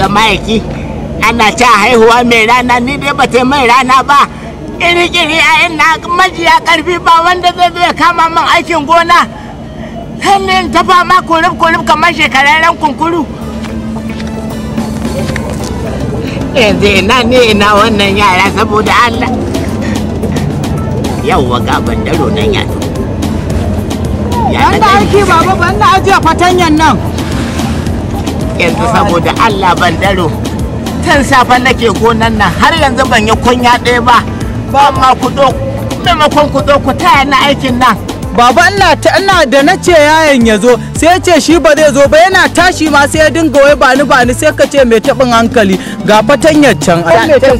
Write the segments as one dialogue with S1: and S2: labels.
S1: da mayaki ana ta haihuwa mai rana ni dai ba ta mai rana ba iri-iri a ina majiya karfi ba wanda zai zo ya kama min aikin gona hannun ta fama kurub-kurub kamar shekararren kunkuru yanzu ina ne ina wannan yara saboda allah yawwa ga bandaro nan yato zo da aiki baba banna ajiya ajiye fatanyan nan yanzu saboda Allah ban daro tun safen nake gonan nan har yanzu ban yi kunya ɗaya ba ba ma ku do maimakon ku do ku taya na aikin nan Baba Allah ta ina da na ce yayan ya zo sai ce shi ba zai zo ba yana tashi ma sai ya dinga wai bani bani sai ka ce mai taɓin hankali ga fatanyar can a tun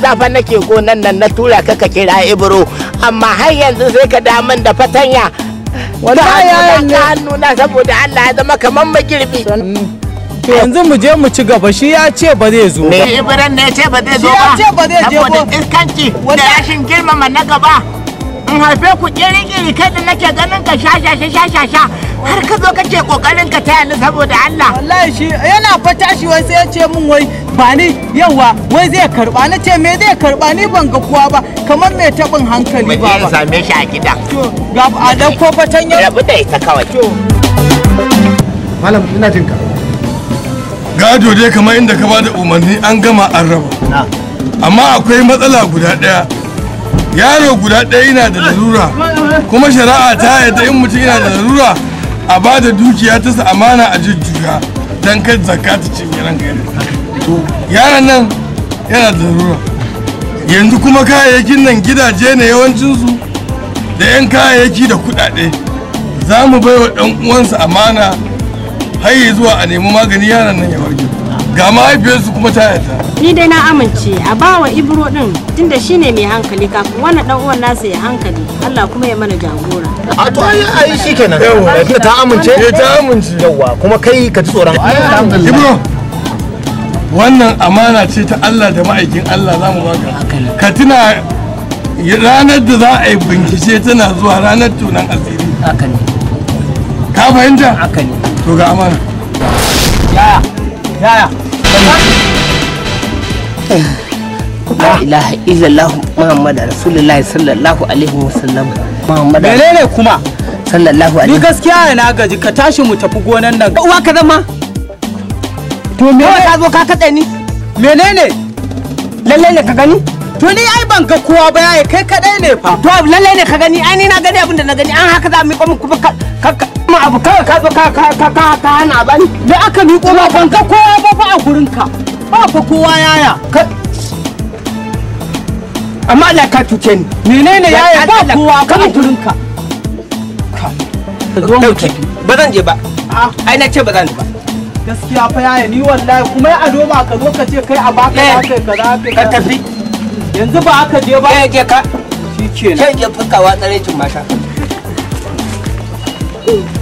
S1: safa nake gonan nan na tura ka ka kira Ibro amma har yanzu sai ka damun da fatanya wallahi yayan ya hannu na saboda Allah ya zama kamar magirbi to yanzu mu je mu ci gaba shi ya ce ba zai zo ne ce ba zai zo ba ya ce ba zai je ba saboda iskanci da rashin girmama na gaba in haife ku kiri kiri kai da nake ganin ka sha sha sha sha sha har ka zo kake kokarin ka taya ni saboda Allah wallahi shi yana fata shi wai sai ya ce min wai ba ni yawa wai zai karba na ce me zai karba ni ban ga kowa ba kamar mai tabin hankali ba ba same shi a gidan ga a dan ko fatan yau rabu da ita kawai malam ina jin ka gado dai kamar inda ka bada umarni an gama an raba amma akwai matsala guda ɗaya yaro guda ɗaya yana da larura kuma shari'a ta yadda in mutum yana da larura a bada dukiya ta sa amana a jujjuya don kai zakka ta cinye to yaran nan yana da larura yanzu kuma kayayyakin nan gidaje ne yawancinsu da 'yan kayayyaki da kuɗaɗe za mu bai wa ɗan uwansa amana har zuwa a nemi magani yaran nan ya warke ga mahaifiyarsu kuma ta yata ni dai na amince a bawa ibro din tunda shine mai hankali kafin wannan dan uwan nasa ya hankali Allah kuma ya mana jagora a to ai ai shikenan yawa ta amince eh ta amince yawa kuma kai ka ji tsoron ai ibro wannan amana ce ta Allah da ma'aikin Allah za mu baka ka tuna ranar da za a yi bincike tana zuwa ranar tunan asiri ka fahimta to ya ya ya. yaya la ilaha illallah muhammad rasulullah sallallahu alaihi wasallam muhammad menene kuma sallallahu alaihi ni gaskiya na gaji ka tashi mu tafi gonan nan uwa ka zama to me ne. ka zo ka kade ni menene lalle ne ka gani to ni ai ban ga kowa ba yayi kai kadai ne fa to lalle ne ka gani ai ni na gani abinda na gani an haka za mu kuma ka ma abu kawai ka ka ka ka ka hana ba ni me aka miƙo ma ban ga kowa ba fa a gurin ka ba fa kowa yaya amma Allah ka tuce ni menene yaya ba kowa ka a gurin ka ba zan je ba ai na ce ba zan ba gaskiya fa yaya ni wallahi kuma ya ado ba ka zo ka ce kai a baka ya kai kaza eh. kai ka tafi yanzu ba aka je ba ya eh, je ka shikenan kai je fuskawa tsare cin masha Ooh.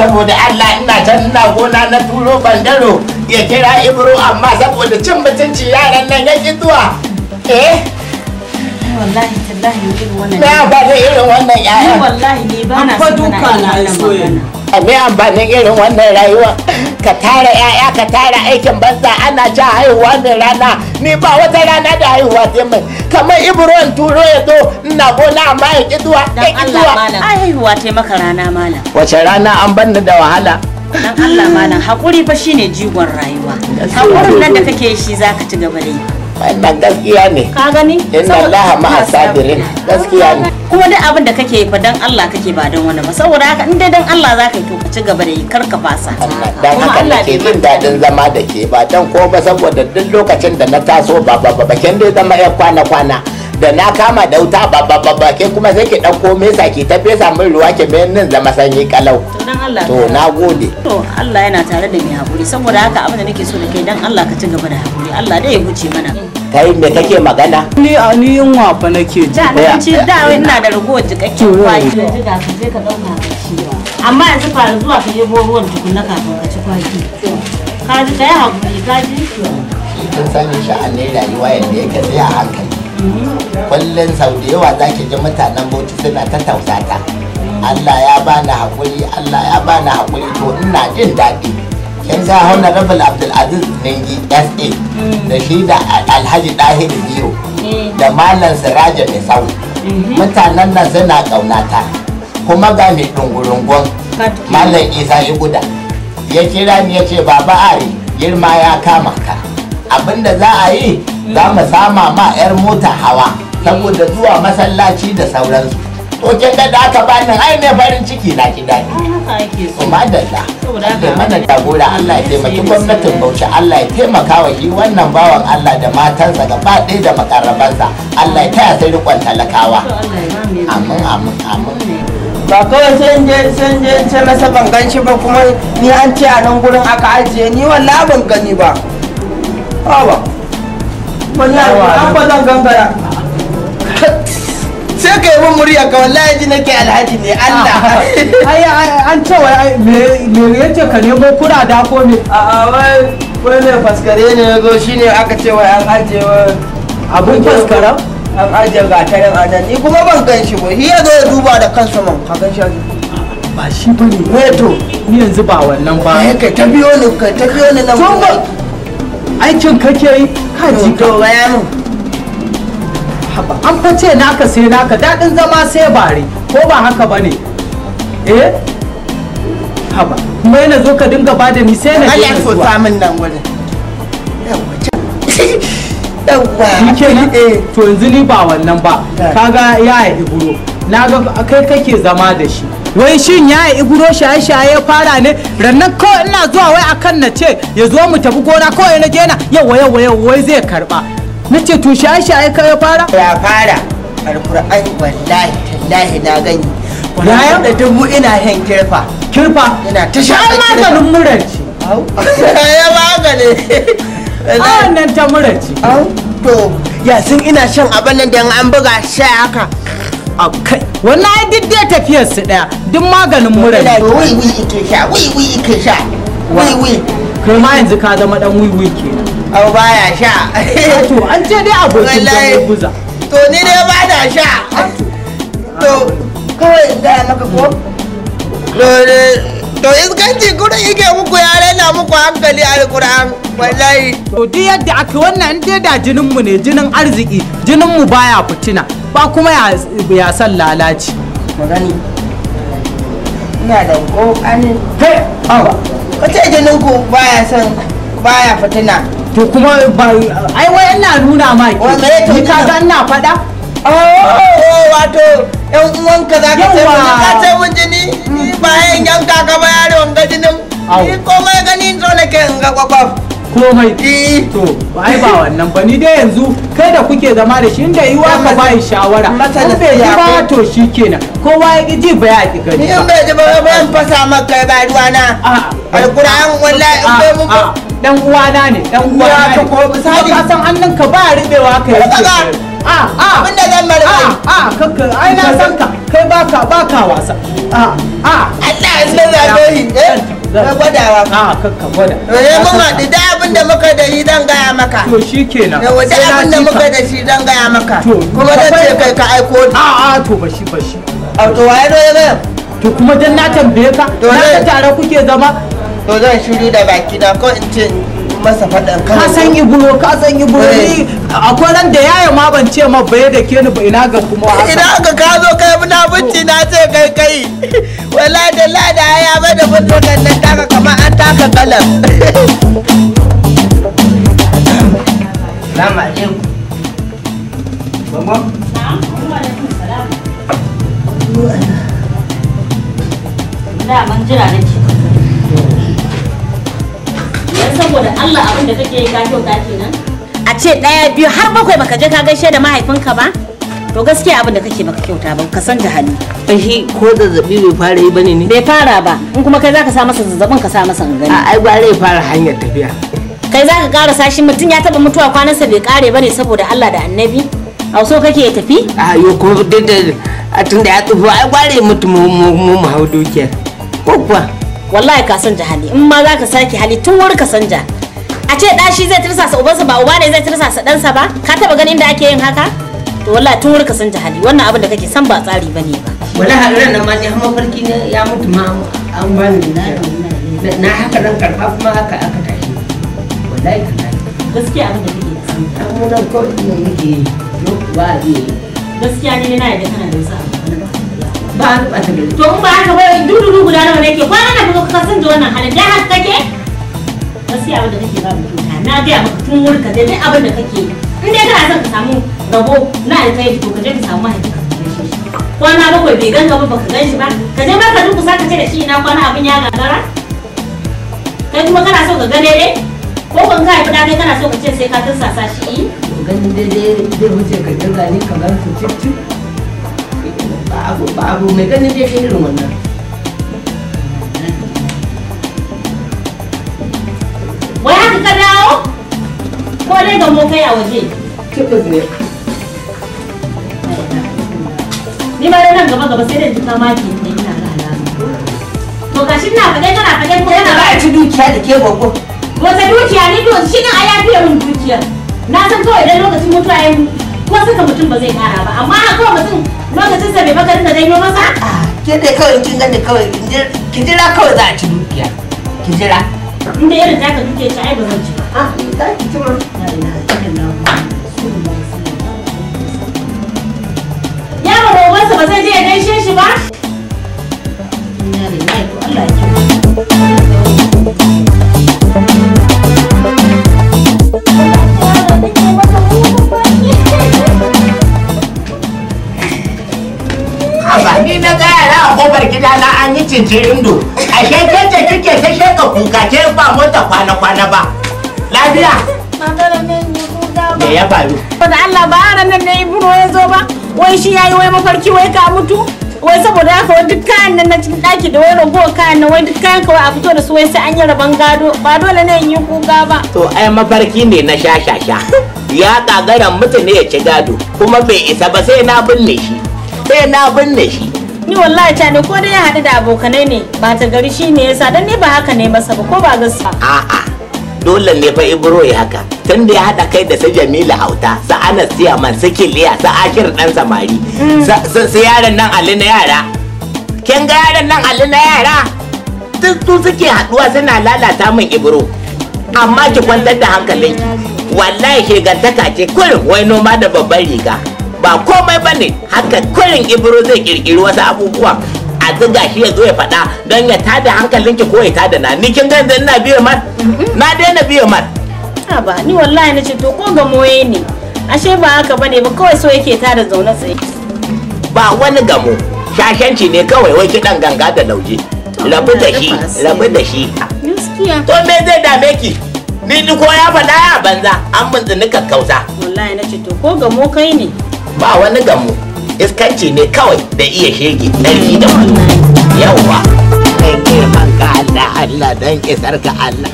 S1: saboda Allah ina can ina gona na turo bangaro ya kira ibro amma saboda cin mutunci yaran nan ya ki zuwa eh wallahi tallahi irin wannan na ba irin wannan yaya wallahi ne ba na so na irin wannan me irin wannan rayuwa ka tara 'ya'ya ka tara aikin banza ana ja haihuwa mai rana ni ba wata rana da haihuwa sai mai kamar ibron turo ya zo ina gona amma ya ki ya ki ai haihuwa tai maka rana malam wace rana an banna da wahala dan Allah malam hakuri fa shine jigon rayuwa hakurin nan da kake shi zaka ci gaba da yi wannan gaskiya ne inna allaha ma'a sabirin gaskiya ne kuma duk abin da kake fa dan Allah kake ba dan wani ba saboda haka in dai dan Allah ka yi to ka ci gaba da yi ka fasa dan haka nake jin dadin zama da ke ba dan ko ba saboda duk lokacin da na taso ba ba ba bakin dai zama ya kwana kwana da na kama da wuta ba ba ba ba ke kuma sai ke ɗauko mesa ke ta fesa min ruwa ke bayan nan zama sanyi kalau to na gode to Allah yana tare da mai hakuri saboda haka abin da nake so da kai dan Allah ka ci gaba da hakuri Allah dai ya huce mana kai me kake magana ni a ni yin fa nake ji da na ci da ina da ragowar jikakken kwaki da jiga ka je ka dauka ka ci amma yanzu fara zuwa ka yi ruwan tukunna kafin ka ci kwaki ka ji kai hakuri ka ji kin sani sha'anin rayuwa yadda yake sai a hankali kullum sau da yawa za ki ji mutanen bauchi suna ta tausata Allah ya bani haƙuri Allah ya bani haƙuri to ina jin daɗi kin ga Abdul aziz nengi sa da shi da alhaji ɗahiru biyu da malam siraja mai sau mutanen nan suna ƙaunata kuma ga mai ɗungurungun malam isa ya guda ya kira ni ya ce baba ari girma ya kama ka abinda za a yi za mu sama ma 'yar mota hawa saboda zuwa masallaci da sauransu to kin da aka bani ai ne farin ciki na ki dani kuma dalla da mana jagora Allah ya taimaki gwamnatin Bauchi Allah ya taimaka wa shi wannan bawan Allah da matansa gaba ɗaya da makarabansa Allah ya taya sai rikon talakawa amin amin amin ba kawai sai in je sai je in ce masa ban gan shi ba kuma ni an ce a nan gurin aka ajiye ni wallahi ban gani ba ba wallahi an ba zan gangara sai ka yi min murya ka wallahi ji nake alhaji ne Allah ai an ce wai me yace ka nemo kura da ko me a a wai wai ne faskare ne yazo shine aka ce wai an aje abun faskara an aje gatarin anan ni kuma ban gan shi ba shi ya ya duba da kansa man ka gan shi ba shi bane ne to ni yanzu ba wannan ba eh, kai ta biyo ni kai ta biyo ni nan aikin kake yi ka ji ka bayanin haba an naka sai naka daɗin zama sai bare ko ba haka ba ne eh haba kuma yana zo ka dinga ba da ni sai na je zuwa Allah ya min nan wurin yawwa ke ni eh, eh to yanzu ni ba wannan ba eh. kaga yaya iburo na ga kai kake zama da shi wai shin ya yi iguro shaye-shaye ya fara ne rannan ko ina zuwa wai akan na ce ya zo mu tafi gona kawai na gena yawa yawa yawa wai zai karba na ce to shaye-shaye ka ya fara ya fara alkur'an wallahi tallahi na gani Ya da dubu ina hen kirfa kirfa ina ta sha maganin murar ce ya a wannan ta murar ce to ya sun ina shan abin nan da an buga sha haka abu kai wallahi duk dai tafiyar su daya duk maganin mura ne wai wai ike sha wai wai ike sha wai wai kai ma yanzu ka zama dan wai wai ke a baya sha ah, to an ce dai abokin da buza to ni dai ba da sha ah, to kawai da maka ko to iskanci kudu yake muku ya raina muku hankali alkur'an wallahi to duk yadda aka wannan dai da jinin mu ne jinin arziki jinin mu baya fitina ba kuma ya san lalaci magani ina da kokarin he awa kace jinin ku baya son baya fitina to kuma ai wai ina nuna ma ki ni ka ga ina fada oh wato yan uwanka za ka sai mun ka sai mun jini bayan yanka ka ba yaron ga jinin ni komai ganin zo na ke ga kwakwaf komai to ai ba wannan ba ni dai yanzu kai da kuke zama da shi inda yiwa ka bai shawara matsala bai ji ba to shi kenan kowa ya ki ji ba ya ki gani ni bai ji ba ban fasa maka ba ruwa na alquran wallahi in bai mu dan na? ne dan uwana ne ko misali ka san annan ka ba rubewa kai yake a a abin da zan mara a a kanka ai na san ka kai ba ka wasa a a Allah ya san zabe eh gwadawa a kanka gwada eh mun haɗu da da muka da shi dan gaya maka to shikenan yawa duk abin da muka da shi dan gaya maka kuma dan ce kai ka aiko a a to bashi bashi a to waye ne ne to kuma dan na tambaye ka na ka tare kuke zama to zan shiru da baki da ko in ce masa faɗan kan ka san yi buro ka san yi buro eh. ni akwai ran da yaya ma ban ce ma baye da ke ni ba ina ga kuma ina ga ka zo kai muna bunci na ce kai kai wala da la da ba da bunci kan nan taka kamar an taka kalam Salamu alaikum. Bambo? Na'am, wa alaikum salam. Da man jira nake. Dan saboda Allah abin da kake yi ka kyauta kenan. A ce daya biyu har bakwai baka je ka gaishe da mahaifinka ba? To gaskiya abin da kake baka kyauta ba ka san hannu. Shi ko zazzabi bai fara yi bane ne? Bai fara ba. In kuma kai zaka sa masa zazzabin ka sa masa gani. A ai ba zai fara hanyar tafiya. kai za ka karasa shi mutum ya taba mutuwa kwanansa bai kare ba ne saboda Allah da annabi a so kake ya tafi a yo ko da a tun da ya tsufa ai gware mutu mu mu mu hau dukiya ko kuwa wallahi ka san hali in ma za ka sake hali tun wuri ka sanja a ce da shi zai tirsasa ubansa ba uba ne zai tirsasa ɗansa ba ka taba ganin da ake yin haka to wallahi tun wuri ka san hali wannan abin da kake san ba tsari bane ba wallahi haɗarin nan ma ji farki ne ya mutu ma an bani na haka dan karfa kuma haka aka wallahi gaskiya abin da kake da sani an mu nan ko ne yake yo ba yi gaskiya ne na yadda kana da wasu ba a ba ta gari to in ba haka ba dudu guda nawa nake kwana na kuma ka san da wannan halin da haka kake gaskiya abin da kake ba mutum na gaya maka tun wurin ka dai abin da kake in dai kana son ka samu rabo na alkhairi to ka je ka samu mahaifinka kwana bakwai bai ganka ba baka gan shi ba ka je ma ka durkusa ka ce da shi na kwana abin ya gagara kai kuma kana so ka gane dai ko kun ka haifi kai kana so ka ce sai ka tursasa shi eh? ganin daidai zai wuce ka kirga ni kamar ku cip abu ba abu mai ganin daidai irin wannan wai haka ka dawo ko dai ga mu kai a waje tabbas ne ni ma nan gaba gaba sai dai duka maki ne ina ga alama to gashi ka fade kana fade ko yana ba ci dukiya da ke gogo wata dukiya ne to shi nan a yafiya min dukiya na san kawai dai lokacin mutuwa ya ko suka mutum ba zai kara ba amma a kawai mutum lokacin sa bai baka dinga danyo masa ke dai kawai kin gani kawai ki jira kawai za a ci dukiya ki jira inda irin ka dukiya ta ai ba zan ci ba ah, a ta ki ci ma yaro ba ba zai je ya gaishe shi ba Allah ya cince indo a ke ce kike ta sheka kuka ke ba mota kwana kwana ba lafiya me ya faru ba da Allah ba ana nan ne ibro ya zo ba wai shi yayi wai mafarki wai ka mutu wai saboda haka wai duk kayan nan na cikin daki da wai rogo kayan nan wai duk kayan kawai a fito da su wai sai an yi rabon gado ba dole ne in yi kuka ba to ai mafarki ne na sha sha sha ya kagaran mutane ya ci gado kuma bai isa ba sai na binne shi sai na binne shi ni wallahi ta ne ko dai ya haɗu da abokanai ne ba ta gari shi ne yasa dan ne ba haka ne masa ba ko ba gaskiya a'a dole ne fa ibro ya haka tun da ya haɗa kai da sai jamila hauta su anas man su kiliya sa akir ɗan samari mm. su yaran nan ali na yara kin ga yaran nan ali na yara duk su suke haɗuwa suna lalata min ibro amma ki kwantar da hankalinki wallahi gantaka ce kurin wai noma da babban riga ba komai ba ne haka kwarin ibro zai kirkiri wasu abubuwa a zuga shi ya zo ya faɗa don ya tada hankalinki ko ya tada na ni kin ga yanzu ina biyo mar mhm. na daina biyo mar ba ni wallahi na ce to ko ga moye ne ashe ba haka bane ba kawai so yake tada zaune tsaye ba wani gamo shashanci ne kawai wai kiɗan ganga da lauje rabu da shi rabu da shi to me zai dame ki ni ni ko ya faɗa ya banza an mun tsini kakkausa wallahi na ce to ko mo kai ne ba wani gamu iskanci ne kawai da iya shege ɗari da wani yawwa kai ke ka Allah Allah don isar ka Allah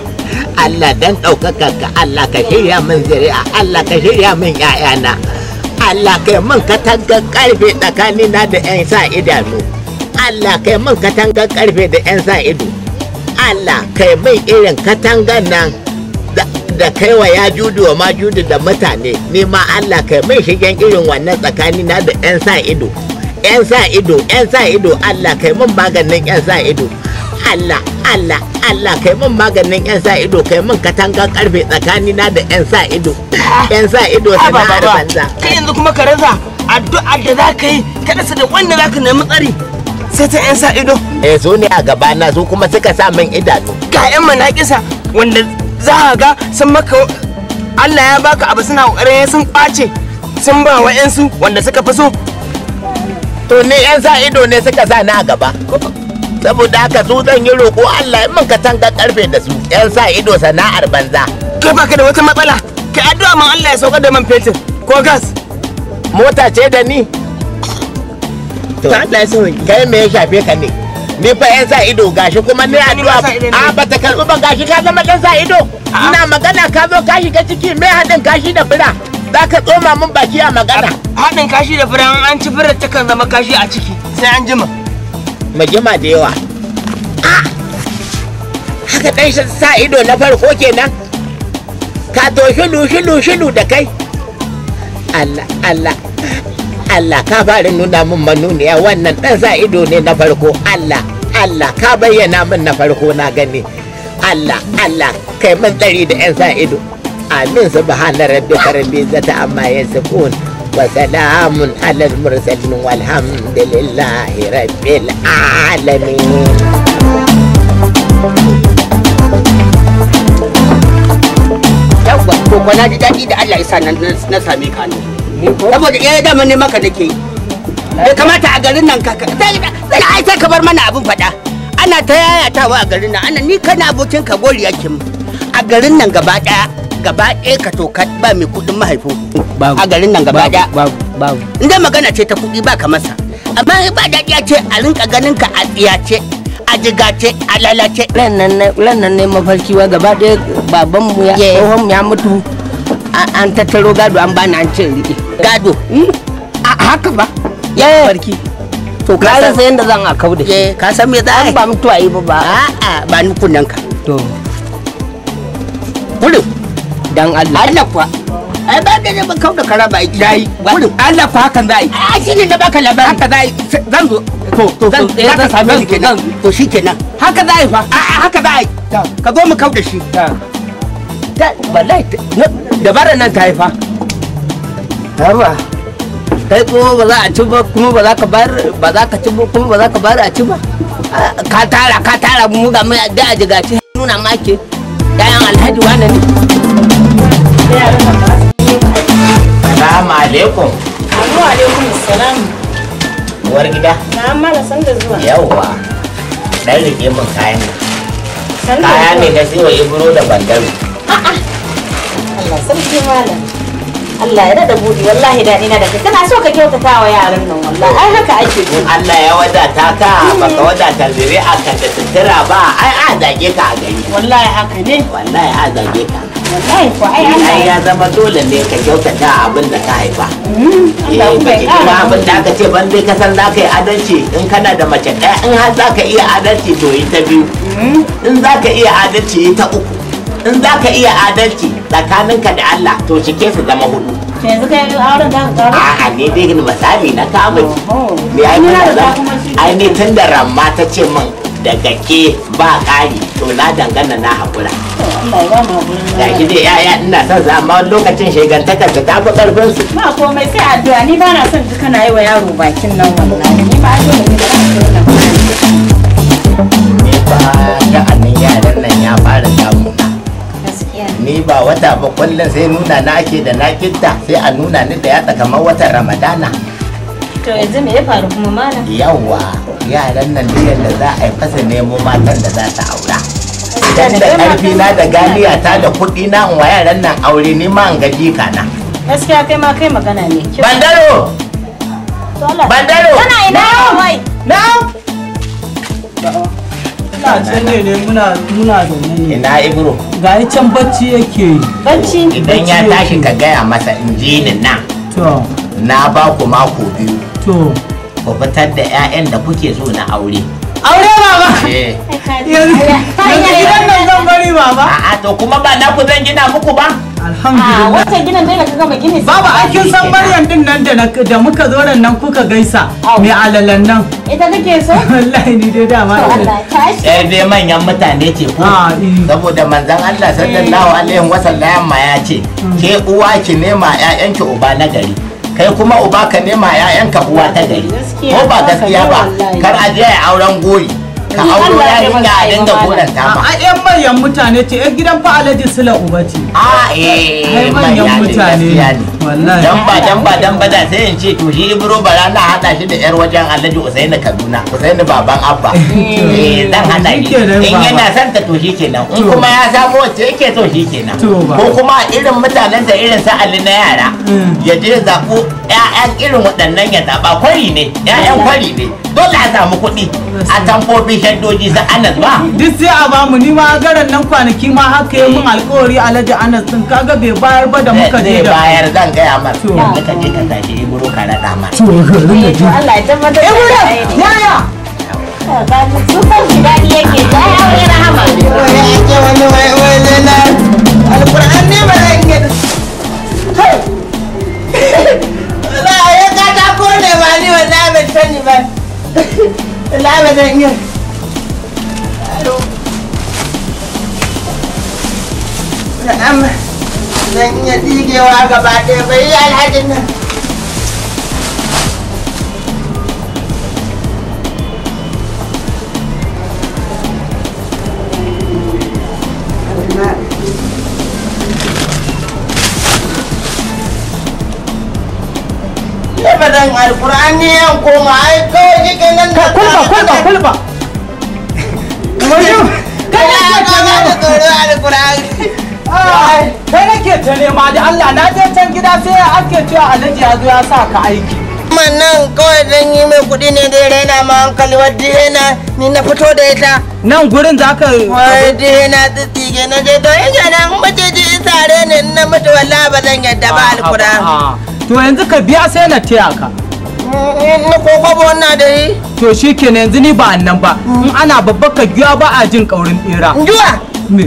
S1: Allah don ɗaukaka ka Allah ka shirya min zuri'a Allah ka shirya min ƴaƴana Allah kai min katangar karfe tsakanina da ƴan sa idanu Allah kai min katangar karfe da ƴan sa ido Allah kai min irin katangar nan da kai wa ya judu wa ma judu da mutane ne ma Allah kai mai shigen irin wannan tsakani na da 'yan sa ido 'yan sa ido 'yan sa ido Allah kai mun maganin 'yan sa ido Allah Allah Allah kai mun maganin 'yan sa ido kai mun katangan karfe tsakani na da 'yan sa ido 'yan sa ido da banza kai yanzu kuma ka raza addu'a da za ka yi ka rasa da wanda za ka nemi tsari sai ta 'yan sa ido eh zo ne a gaba na su kuma suka sa min idanu ga 'yan manakisa wanda za a ga sun maka Allah ya baka abu suna ƙoƙarin sun ɓace, sun ba wa yansu wanda suka fi so to ne ƴan sa ido ne suka sa na gaba saboda haka su zan yi roƙo Allah in ka tanga karfe da su Ƴan sa ido sana'ar banza kai baka da wata matsala Ka addu'a man Allah ya sauka da man fetur ko gas mota ce da ni to Allah ya sauke kai me ya shafe ka ne ni fa yan sa ido gashi kuma ni addu'a a ba ta karbi ban gashi ka zama dan sa ido ina magana ka zo ka shiga ciki mai hadin gashi da fura za ka tsoma min baki a magana hadin kashi da fura an ci fura ta kan zama kashi a ciki sai an jima mu jima da yawa haka dan sa ido na farko kenan ka to shilu shilu shilu da kai Allah Allah Allah ka bari nuna min manuniya wannan ɗan sa ido ne na farko Allah Allah ka bayyana min na farko na gani Allah Allah kai min tsari da 'yan sa ido amin subhana rabbi karbi zata amma yasifun wa salamun alal mursalin walhamdulillahi rabbil alamin yawwa ko kwana da daɗi da Allah ya sa na sami ka saboda ya eh, dama ne maka da ke bai kamata a garin nan kaka sai ai sai kabar bar mana abin faɗa ana ta yayatawa a garin nan ana ni kana abokin ka gori yake a garin nan gaba daya gaba ɗaya ka toka ba mai kuɗin mahaifin a garin nan gaba daya babu inda magana ce ta kuɗi ba ka masa amma ba daɗi ce a rinka ganin ka a tsiyace a jigace a lalace ran nan ne mafarki wa gaba ɗaya babanmu ya mutu an tattaro gado an bani an cin riƙe gado hmm? haka ba ya barki eh. to ka san sai yanda zan a da shi eh, ka san me za a ba mutu ayi ba ba a'a ba ni kunnan ka to kudu dan Allah Allah kuwa ai ba ga ne ba kauda da kara ba ki dai kudu Allah fa hakan zai a shi ne da baka labari haka zai zan zo to to zan same ni kenan to shi kenan haka zai fa a'a haka zai ka zo mu kau da ta wallahi dabarar nan ta haifa yawa kai kuma ba za a ci ba kuma ba za ka bar ba za ka ci ba kuma ba za ka bar a ci ba ka tara ka tara mu ga mai da jigaci nuna make yayan alhaji wannan ne Assalamu alaikum. Assalamu alaikum salam. Uwar gida. Na mala san da zuwa. Yawwa. Dan rike mun kayan. Kaya ne da sai wa ibro da bandaru. A'a. Allah sarki malam Allah ya dada buɗe wallahi daɗi na da kai kana so ka kyautata wa yaran nan wallahi ai haka ake so Allah ya wadata ka baka wadata dire a kan da tattara ba ai a zage ka a gari wallahi haka ne wallahi a zage ka wallahi ko ai Allah ya zama dole ne ka kyautata abin da ka haifa hmm, Allah ku bai kara abin da ka ce ban dai ka san za yi adalci in kana da mace ɗaya in har zaka iya adalci to yi ta biyu hmm. in zaka iya adalci yi ta uku in za ka iya adalci tsakaninka da Allah to ke su zama hudu yanzu kai auren da ka kawo a'a ne dai misali na kama ki me ai ne ai ne tun da ramma ta ce min daga ke ba ƙari to na dangana na haƙura ga shi dai ya'ya ina son su amma lokacin shigantakar ta tafi ƙarfin su ba komai sai addu'a ni ba na son duka na yi wa yaro bakin nan wallahi ni ba so ba. ni ba ga annan yaran nan ya ba ni ba wata ba kullum sai nuna na ake da na kinta sai a nuna ni da yatsa kamar watan ramadana to yanzu me ya faru kuma mana yawa yaran nan duk yadda za a yi fasa nemo matan da za ta aura idan da karfi na da ganiya ta da kuɗi na in wa yaran nan aure ni ma in gaji kana gaskiya kai ma kai magana ne bandaro bandaro kana ina wai na'am ina can ne ne muna muna zaune ne ina ibro ga can bacci yake bacci idan ya tashi ka gaya masa in ji ni nan to na ba ku mako biyu to ku fitar da 'ya'yan da kuke so na aure aure baba eh. yanzu gidan nan zan bari baba a'a to kuma ba na ku zan gina muku ba alhamdulillah wata gina baba san Maryam din nan da da muka zo nan kuka gaisa mai alalan nan ita kake so wallahi ni dai dama eh dai manyan mutane ce ko ah, eh. saboda manzon Allah sallallahu eh. alaihi wasallam ma ya ce hmm. ke uwa ki nema 'ya'yanki uba na gari kai kuma uba ka nema 'ya'yanka uwa ta gari ko ba gaskiya ba kar a je auren goyi Ka auro yarinya dan da goran ta ba a yan manyan mutane ce yan gidan fa alaji sila uba ce a ah, eh manyan mutane wallahi dan ba dan ba dan ba da sai in ce to shi ibro bara na hada shi da yar wajen alaji usaini kaduna usaini baban abba eh dan eh, hada shi in yana son ta to shi kenan in kuma ya samu wacce yake so shi kenan ko kuma irin mutanen da irin sa ali na yara hmm. ya je zaɓo ƴaƴan irin waɗannan ya zaɓa kwari ne ƴaƴan kwari ne dole a samu kuɗi a tamfofi shaddoji za anas ba duk sai a ba mu ni ma garan nan kwanaki ma haka yi mun alkawari alhaji anas sun kaga bai bayar ba da muka je da bayar zan ga gaya masa to muka je ka tashi ibro ka rada ma to eh, Allah ya tabbatar da ibro yaya Sukan gidani yake da ya wani rahama. ya ke wani wai wai lena. alqur'an ne ba zan yi da su. Ba a yi katako ne ba ni wa na bai sani ba. Na bai zan yi. نعم من يديك وعقبك في الحجن Lebaran Al-Qur'ani yang kau mai kau jika nan tak kulpa kulpa kulpa. Maju. Kau nak kau nak Al-Qur'ani. kai nake ta ma da Allah na je can gida sai ake cewa alhaji ya zo ya sa ka aiki kuma nan kawai zan yi mai kuɗi ne da yana ma hankali wa dihena ni na fito da ita nan gurin za ka wai dihena ke na je to in nan mace ji isare ne na mutu wallahi ba zan yadda ba alkuran to yanzu ka biya sai na taya ka na mm, mm, ko kwabo wannan da yi to shi kenan yanzu ni ba annan ba in ana babba ka giya ba a jin kaurin bera giya me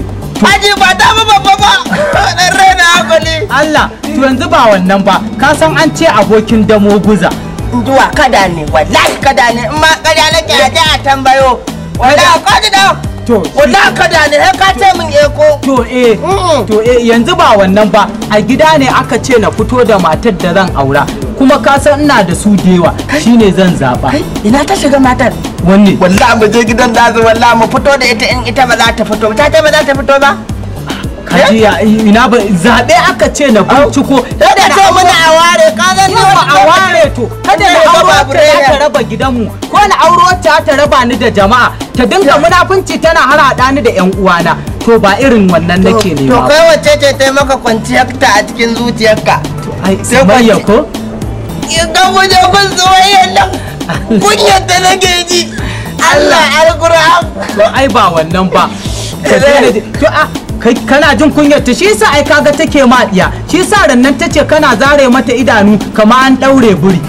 S1: aji ba abu babba ba dan raina Allah to yanzu ba wannan ba ka san an ce abokin damo guza duwa kada ne wallahi kada ne in ma nake a je a tambayo wallahi kada da to wallahi kada ne sai ka ce min eko to eh to eh yanzu ba wannan ba a gida ne aka ce na fito da matar da zan aura kuma ka san ina da su da shine zan zaba ina ta shiga matar wanne wallahi mu je gidan nazu wallahi mu fito da ita in ita ba za ta fito ta ba za ta fito ba Eh? kajiya ina ba zaɓe aka ce na binciko kada ce muna a ware kaga ni ba a ware to kada na auro ta raba gidanmu ko na auro ta ta raba ni da jama'a ta dinga munafunci tana hana ni da yan uwana to ba irin wannan nake nema to kai wacce ce ta maka kwanciyar ta a cikin zuciyarka ai sai bayya ko idan wajen kun zuwayen nan kunyar da nake ji Allah alkur'an to ai ba wannan ba to a kai kana jin kunyar ta shi sa ai kaga take maɗiya, shi sa rannan tace kana zare mata idanu kama an daure buri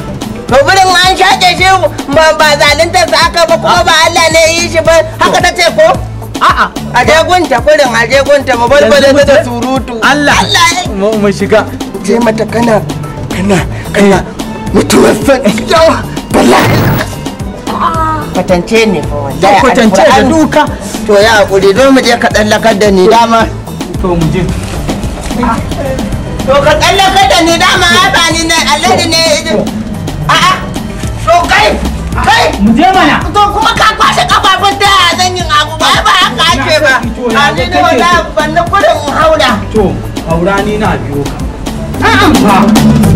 S1: to burin an shaƙe shi ba ba zalunta sa aka ba kuma ba Allah ne yi shi ba haka ta ce ko a'a a je gunta gurin a je gunta ba balbala da surutu Allah Allah mu shiga je mata kana kana kana mutuwar san yawa bala'i kwatance ne fa wanda ya kwatance da duka to ya hakuri don mu je ka tsallakar da ni dama to mu je to ka tsallakar da ni dama ya ba ni ne alheri ne a a to kai kai mu je mana to kuma ka kwashe kafafun ta yaya zan yin abu ba ba haka ake ba a ni ne wala ban na gudun haura to haura ni na biyo ka a'a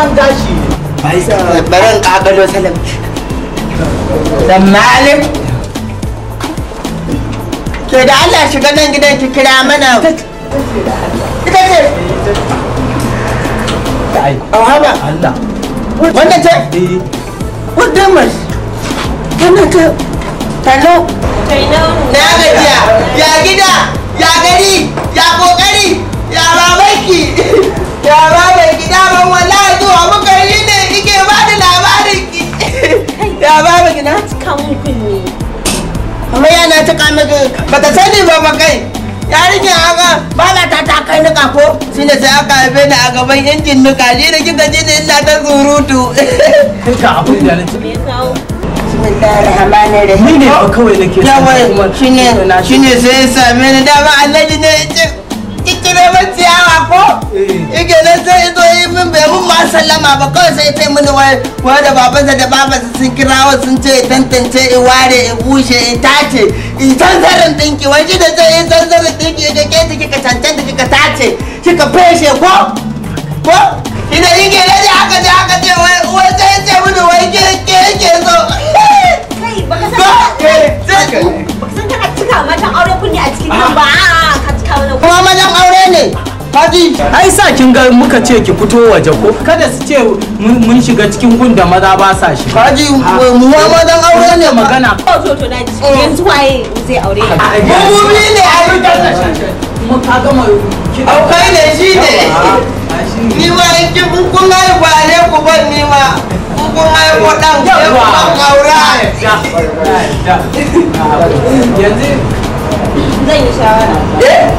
S1: gyaran gashi ne baran salam dan malam ke da Allah shiga nan gidan ki kira mana ita ce a Allah wanda ce mai talo na gajiya ya gida ya gari ya kokari ya babaki. ya ba mai gida ban wallahi zuwa muka yi ne ike ba da labarin ki ya ba mai gida kan mun kunne amma yana cika maka bata sani ba ba kai yarinyar haka ba na ta ta kai nika ko shi ne sai aka haife ni a gaban injin nika shi da kika ji da ina ta surutu ka ne da na ci Bismillahirrahmanirrahim. Ni ne ba kawai nake. Yawa shi ne shi ne sai ya same ni dama Allah ne ya ce ki neman ciyawa ko eh. ike nan sai ido yi min bai mun ma sallama ba kawai sai ta mini wai da babansa da babansa sun kirawo sun ce tantance in ware in bushe in tace in tanzarin dinki wai shi da zai yi tanzarin dinki ya ke ta kika cancanta kika tace kika feshe ko ko ina ike nan da haka da haka ce wai wai sai ce mini wai ke ke ke so ba ka san ka cika mata aure kunni a cikin nan ba kuma mazan aure ne Haji. Ai sa kin ga muka ce ki fito waje ko kada su ce mun shiga cikin gunda da maza ba sa shi. Faji mu ma mazan aure ne magana. Oh, to to na yanzu waye zai aure ka. Mu mu ne a yi Mu ka gama Aukai ne ah, shi ne. Ni ma in ki kun ga ba ne ku ban ni ma. Kun ga ko dan ke ku ban aure. Yanzu Zan yi shawara. Eh?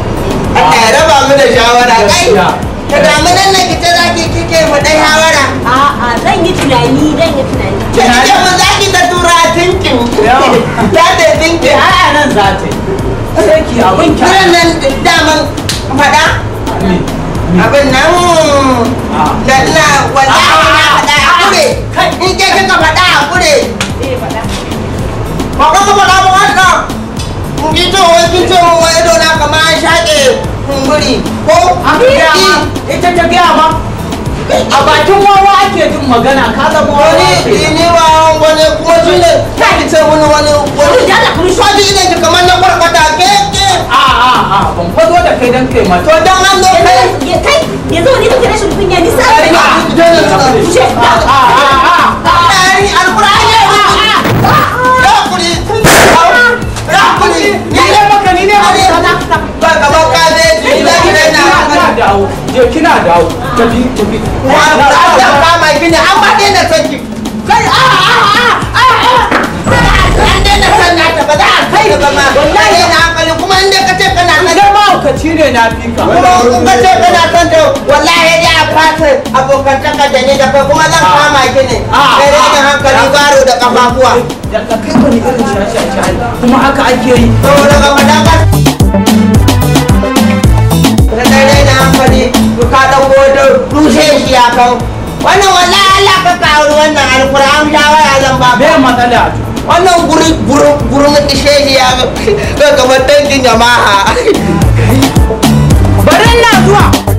S1: Allah ya raba mu da shawara. k'a da damunan nan ki ta za ki kike mu dai shawara. A'a, zan yi tunani, zan yi tunani. Kike mu za ki ta tura tinkin. Ta ta tinkin. Eh, a'a nan za ta yi. Sai ki abin ki. Nan nan daman faɗa. Abin nan da ina wallahi na faɗa a kure. In ke kika faɗa a kure. Eh, faɗa ka faɗa ba wannan. fitowa fitowa ido na kama an shaƙe kumburi ko a gaya ma ita ta gaya ma a bakin wawa ake jin magana ka zama wani ni wa wani kuma shi ne ta ce wani wani wani da kamar na kwarkwata ke ke a a a ban fado da kai dan kai ma to dan an zo kai kai yanzu wani kake rashin kunya ni sai a a a a a a a kawo tafi tafi wa Allah ba mai gini an ba na sanki kai a a a a an dai na san ta ba za a kai ba ma wallahi na hankali kuma inda ka ce kana san da ma ka ne na fika kuma ka ce kana san da wallahi ya fata abokan taka da ni da kai kuma zan ah. kama ki ne kai ah. da hankali ah. baro da kafafuwa da ka kai wani irin shashi a kuma haka ake yi saboda ba ka ji ka ɗauko da rushe shi ya wannan Allah ka kawo wannan shawara zan ba me matsala wannan guri guri mutu ya ga kamar tankin jama'a bari na zuwa